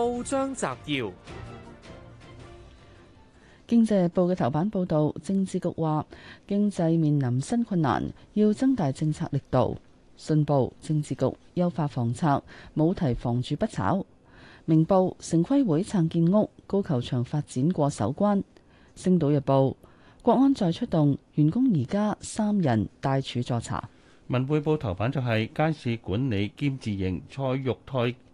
報章摘要：經濟日報嘅頭版報道，政治局話經濟面臨新困難，要增大政策力度。信報政治局優化房策，冇提房住不炒。明報城規會撐建屋，高球場發展過首關。星島日報國安再出動，員工而家三人帶署助查。文匯報頭版就係街市管理兼自營蔡玉泰。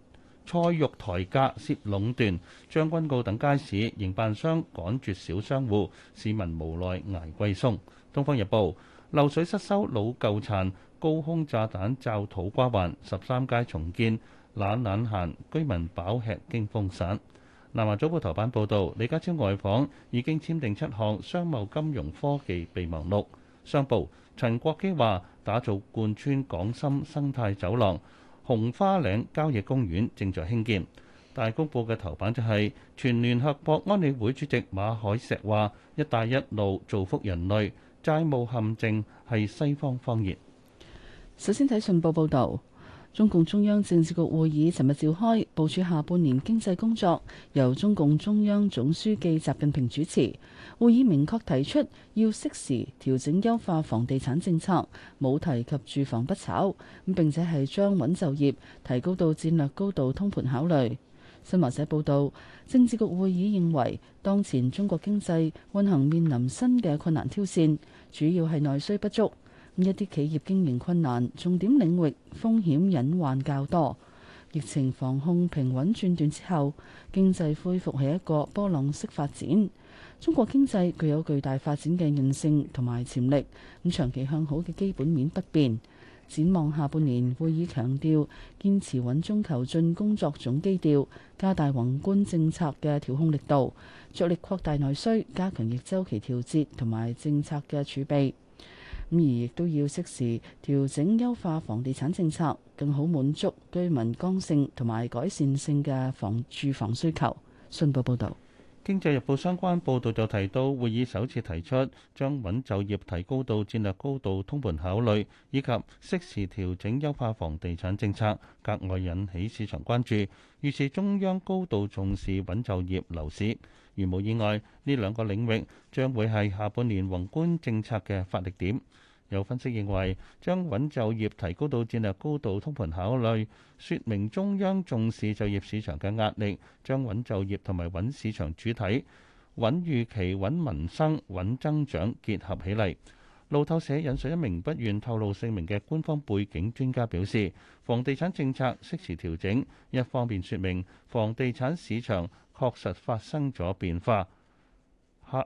菜肉抬價涉壟斷，將軍澳等街市營辦商趕絕小商戶，市民無奈捱貴鬆。東方日報漏水失收老舊殘高空炸彈罩土瓜灣十三街重建懶懶閒，居民飽吃驚風散。南華早報頭版報道，李家超外訪已經簽訂七項商貿金融科技備忘錄。商報陳國基話打造貫穿港深生態走廊紅花嶺郊野公園正在興建。大公報嘅頭版就係全聯合國安理會主席馬海石話：一帶一路造福人類，債務陷阱係西方謊言。首先睇信報報道。中共中央政治局會議尋日召開部署下半年經濟工作，由中共中央總書記習近平主持。會議明確提出要適時調整優化房地產政策，冇提及住房不炒，咁並且係將穩就業提高到戰略高度通盤考慮。新華社報道政治局會議認為當前中國經濟運行面臨新嘅困難挑戰，主要係內需不足。一啲企業經營困難，重點領域風險隱患較多。疫情防控平穩轉段之後，經濟恢復係一個波浪式發展。中國經濟具有巨大發展嘅韌性同埋潛力，咁長期向好嘅基本面不變。展望下半年，會議強調堅持穩中求進工作總基調，加大宏觀政策嘅調控力度，着力擴大內需，加強逆周期調節同埋政策嘅儲備。咁而亦都要適時調整優化房地產政策，更好滿足居民剛性同埋改善性嘅房住房需求。信報報道。經濟日報相關報導就提到，會議首次提出將穩就業提高到戰略高度通盤考慮，以及適時調整優化房地產政策，格外引起市場關注。預示中央高度重視穩就業、樓市。如無意外，呢兩個領域將會係下半年宏觀政策嘅發力點。有分析認為，將穩就業提高到戰略高度通盤考慮，說明中央重視就業市場嘅壓力，將穩就業同埋穩市場主體、穩預期、穩民生、穩增長結合起嚟。路透社引述一名不願透露姓名嘅官方背景專家表示，房地產政策適時調整，一方面說明房地產市場確實發生咗變化，下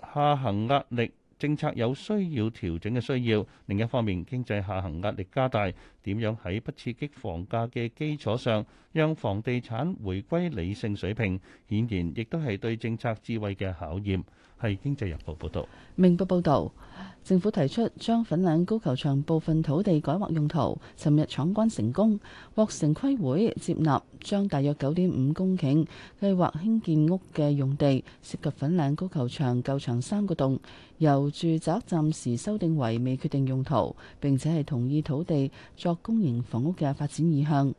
下行壓力。政策有需要調整嘅需要，另一方面經濟下行壓力加大，點樣喺不刺激房價嘅基礎上，讓房地產回歸理性水平，顯然亦都係對政策智慧嘅考驗。係《經濟日報》報道，明報報道，政府提出將粉嶺高球場部分土地改劃用途，尋日闖關成功，獲城規會接納將大約九點五公頃計劃興建，建屋嘅用地涉及粉嶺高球場舊場三個洞，由住宅暫時修訂為未決定用途，並且係同意土地作公營房屋嘅發展意向。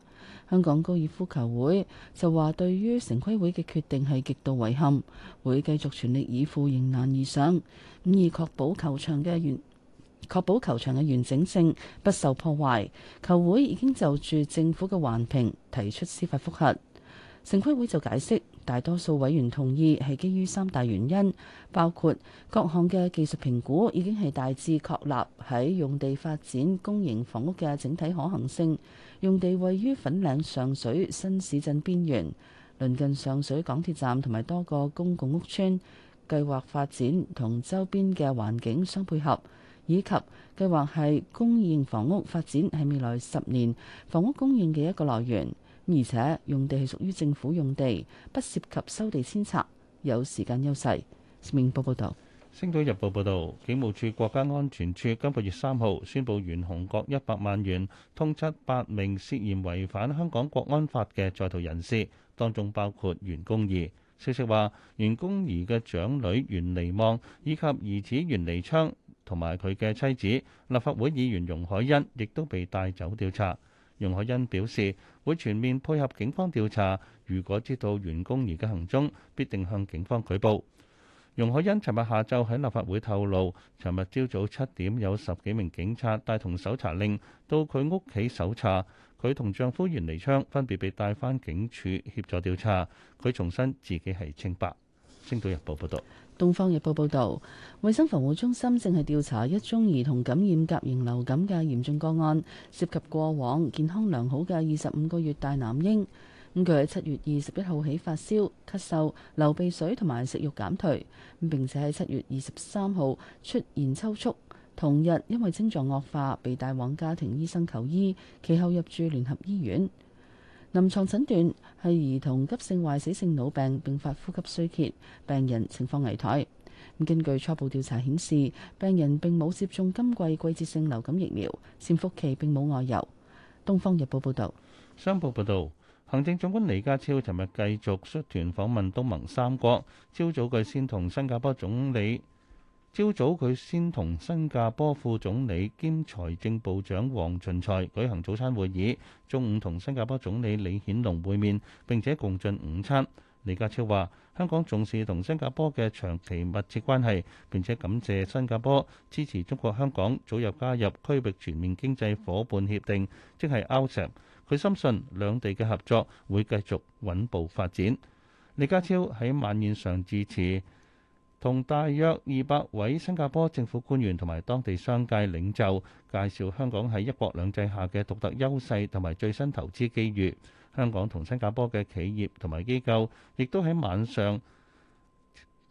香港高爾夫球會就話對於城規會嘅決定係極度遺憾，會繼續全力以赴，迎難而上，咁以確保球場嘅完確保球場嘅完整性不受破壞。球會已經就住政府嘅環評提出司法覆核。城規會就解釋。大多數委員同意係基於三大原因，包括各項嘅技術評估已經係大致確立喺用地發展公營房屋嘅整體可行性。用地位於粉嶺上水新市鎮邊緣，鄰近上水港鐵站同埋多個公共屋邨，計劃發展同周邊嘅環境相配合，以及計劃係公營房屋發展喺未來十年房屋供應嘅一個來源。而且用地係屬於政府用地，不涉及收地遷拆，有時間優勢。明報報導，《星島日報》報道，警務處國家安全處今個月三號宣布懸紅過一百萬元通緝八名涉嫌違反香港國安法嘅在逃人士，當中包括袁弓夷。消息話袁弓夷嘅長女袁彌望以及兒子袁彌昌同埋佢嘅妻子立法會議員容海恩，亦都被帶走調查。容海恩表示，會全面配合警方調查。如果知道員工而家行蹤，必定向警方舉報。容海恩尋日下晝喺立法會透露，尋日朝早七點有十幾名警察帶同搜查令到佢屋企搜查，佢同丈夫袁彌昌分別被帶返警署協助調查。佢重申自己係清白。星島日報報道，東方日報報道，衛生防護中心正係調查一宗兒童感染甲型流感嘅嚴重個案，涉及過往健康良好嘅二十五個月大男嬰。咁佢喺七月二十一號起發燒、咳嗽、流鼻水同埋食欲減退，並且喺七月二十三號出現抽搐。同日因為症狀惡化，被帶往家庭醫生求醫，其後入住聯合醫院。臨床診斷係兒童急性壞死性腦病並發呼吸衰竭，病人情況危殆。咁根據初步調查顯示，病人並冇接種今季季節性流感疫苗，潛伏期並冇外遊。《東方日報》報導，《商報》報導，行政長官李家超尋日繼續率團訪問東盟三國，朝早佢先同新加坡總理。朝早佢先同新加坡副總理兼財政部長黃循財舉行早餐會議，中午同新加坡總理李顯龍會面并且共進午餐。李家超話香港重視同新加坡嘅長期密切關係，并且感謝新加坡支持中國香港早日加入區域全面經濟伙伴協定，即係 RCEP。佢深信兩地嘅合作會繼續穩步發展。李家超喺晚宴上致辭。同大約二百位新加坡政府官員同埋當地商界領袖介紹香港喺一國兩制下嘅獨特優勢同埋最新投資機遇。香港同新加坡嘅企業同埋機構亦都喺晚上，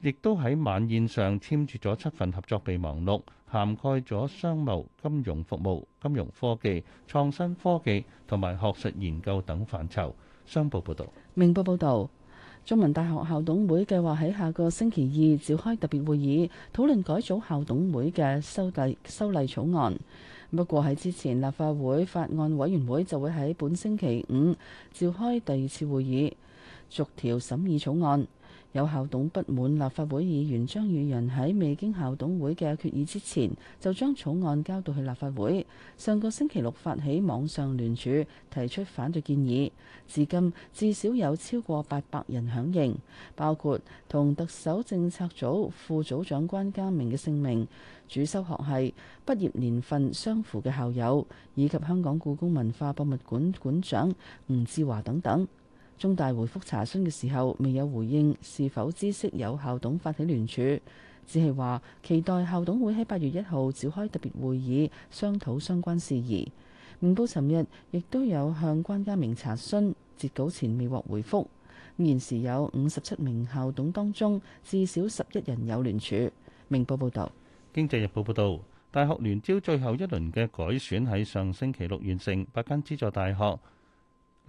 亦都喺晚宴上簽署咗七份合作備忘錄，涵蓋咗商貿、金融服務、金融科技、創新科技同埋學術研究等範疇。商報報道，明報報道。中文大學校董會計劃喺下個星期二召開特別會議，討論改組校董會嘅修例修例草案。不過喺之前，立法會法案委員會就會喺本星期五召開第二次會議，逐條審議草案。有校董不滿立法會議員張宇人喺未經校董會嘅決議之前，就將草案交到去立法會。上個星期六發起網上聯署，提出反對建議，至今至少有超過八百人響應，包括同特首政策組副組長關家明嘅姓名、主修學系、畢業年份相符嘅校友，以及香港故宮文化博物館館長吳志華等等。中大回覆查詢嘅時候，未有回應是否知悉有校董發起聯署，只係話期待校董會喺八月一號召開特別會議，商討相關事宜。明報尋日亦都有向關家明查詢，截稿前未獲回覆。現時有五十七名校董當中，至少十一人有聯署。明報報道：《經濟日報》報道，大學聯招最後一輪嘅改選喺上星期六完成，八間資助大學。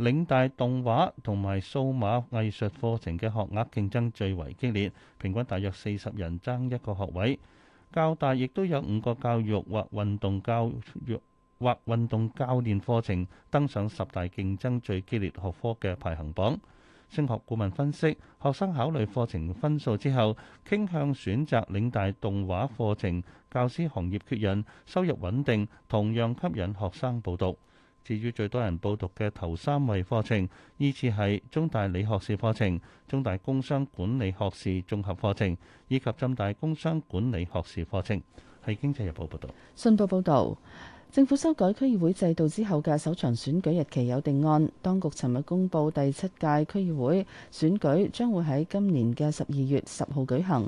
領大動畫同埋數碼藝術課程嘅學額競爭最為激烈，平均大約四十人爭一個學位。教大亦都有五個教育或運動教育或運動教練課程登上十大競爭最激烈學科嘅排行榜。升學顧問分析，學生考慮課程分數之後，傾向選擇領大動畫課程。教師行業缺人，收入穩定，同樣吸引學生報讀。至於最多人報讀嘅頭三位課程，依次係中大理學士課程、中大工商管理學士綜合課程，以及浸大工商管理學士課程。係《經濟日報》報導。信報報導，政府修改區議會制度之後嘅首場選舉日期有定案。當局尋日公佈第七屆區議會選舉將會喺今年嘅十二月十號舉行，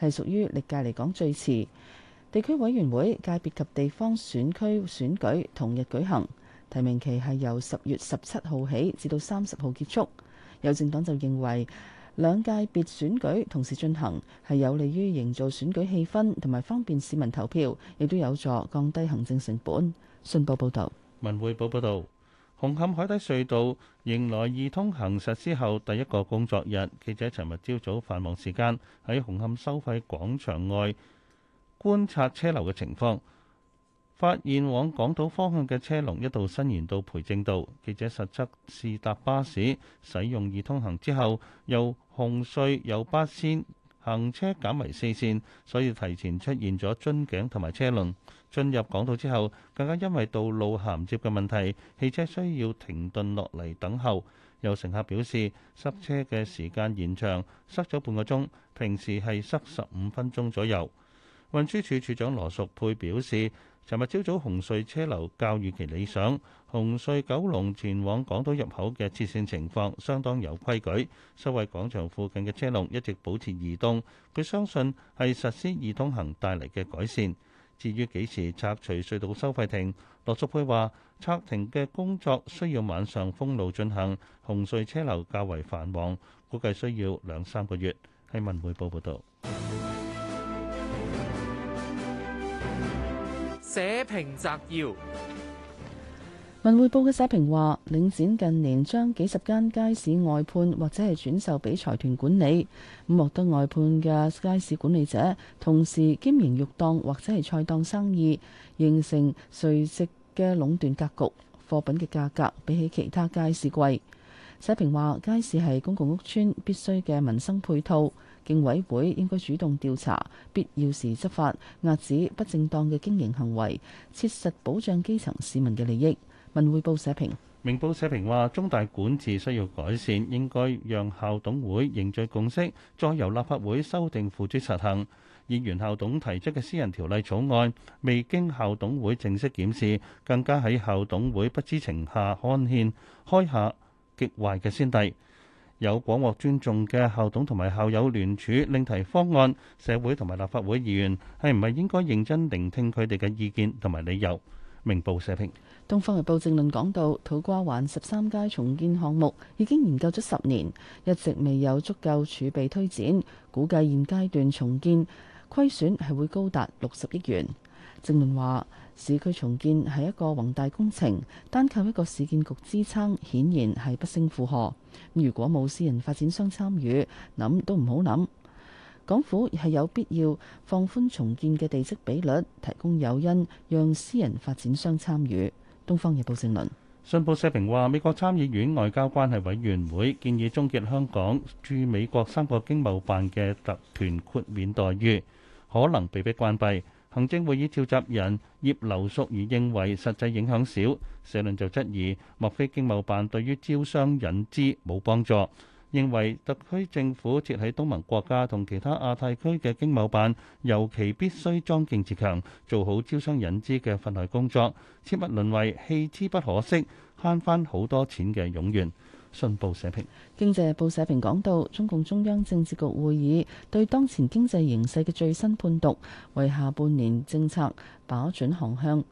係屬於歷屆嚟講最遲。地區委員會界別及地方選區選舉同日舉行。提名期係由十月十七號起至到三十號結束。有政黨就認為兩界別選舉同時進行係有利於營造選舉氣氛，同埋方便市民投票，亦都有助降低行政成本。信報報道。文匯報報道，紅磡海底隧道迎來易通行實施後第一個工作日。記者尋日朝早繁忙時間喺紅磡收費廣場外觀察車流嘅情況。發現往港島方向嘅車龍一度伸延到培正道。記者實測試搭巴士，使用易通行之後，由紅隧有八線行車減為四線，所以提前出現咗樽頸同埋車龍。進入港島之後，更加因為道路銜接嘅問題，汽車需要停頓落嚟等候。有乘客表示，塞車嘅時間延長，塞咗半個鐘，平時係塞十五分鐘左右。運輸署署署長羅淑佩表示。尋日朝早紅隧車流較預期理想，紅隧九龍前往港島入口嘅切線情況相當有規矩，收費廣場附近嘅車龍一直保持移動。佢相信係實施易通行帶嚟嘅改善。至於幾時拆除隧道收費亭，羅淑佩話拆停嘅工作需要晚上封路進行，紅隧車流較為繁忙，估計需要兩三個月。喺《文匯報》報道。社評摘要：文匯報嘅社評話，領展近年將幾十間街市外判或者係轉售俾財團管理，咁獲得外判嘅街市管理者，同時兼營肉檔或者係菜檔生意，形成垂直嘅壟斷格局，貨品嘅價格比起其他街市貴。社評話，街市係公共屋邨必須嘅民生配套。政委會應該主動調查，必要時執法，遏止不正當嘅經營行為，切實保障基層市民嘅利益。文匯報社評。明報社評話，中大管治需要改善，應該讓校董會凝聚共識，再由立法會修訂、付諸實行。議員校董提出嘅私人條例草案，未經校董會正式檢視，更加喺校董會不知情下刊憲，開下極壞嘅先例。有廣獲尊重嘅校董同埋校友聯署，另提方案，社會同埋立法會議員係唔係應該認真聆聽佢哋嘅意見同埋理由？明報社評。《東方日報》正論講到，土瓜灣十三街重建項目已經研究咗十年，一直未有足夠儲備推展，估計現階段重建虧損係會高達六十億元。正論話，市區重建係一個宏大工程，單靠一個市建局支撐，顯然係不勝負荷。如果冇私人發展商參與，諗都唔好諗。港府係有必要放寬重建嘅地積比率，提供誘因，讓私人發展商參與。《東方日報》正論。信報社評話，美國參議院外交關係委員會建議終結香港駐美國三個經貿辦嘅特權豁免待遇，可能被迫關閉。行政會議召集人葉劉淑儀認為實際影響少，社論就質疑，莫非經貿辦對於招商引資冇幫助？認為特區政府設喺東盟國家同其他亞太區嘅經貿辦，尤其必須莊敬自強，做好招商引資嘅份內工作，切勿淪為棄之不可惜、慳翻好多錢嘅冗員。信報社評，《經濟報》社評講到，中共中央政治局會議對當前經濟形勢嘅最新判讀，為下半年政策把準航向。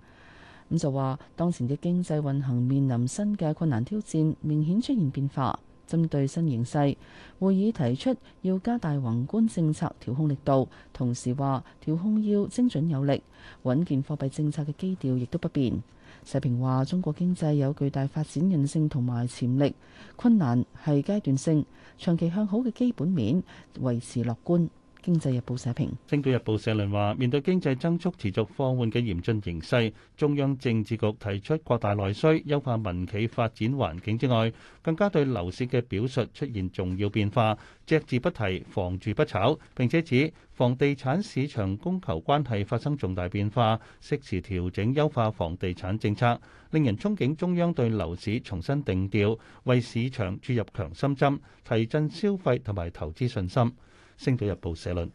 咁就話，當前嘅經濟運行面臨新嘅困難挑戰，明顯出現變化。針對新形勢，會議提出要加大宏觀政策調控力度，同時話調控要精準有力。穩健貨幣政策嘅基調亦都不變。社評話：中國經濟有巨大發展韌性同埋潛力，困難係階段性，長期向好嘅基本面維持樂觀。經濟日報社評，《星島日報》社論話：面對經濟增速持續放緩嘅嚴峻形勢，中央政治局提出擴大內需、優化民企發展環境之外，更加對樓市嘅表述出現重要變化，隻字不提房住不炒，並且指房地產市場供求關係發生重大變化，適時調整優化房地產政策，令人憧憬中央對樓市重新定調，為市場注入強心針，提振消費同埋投資信心。星島日報社論。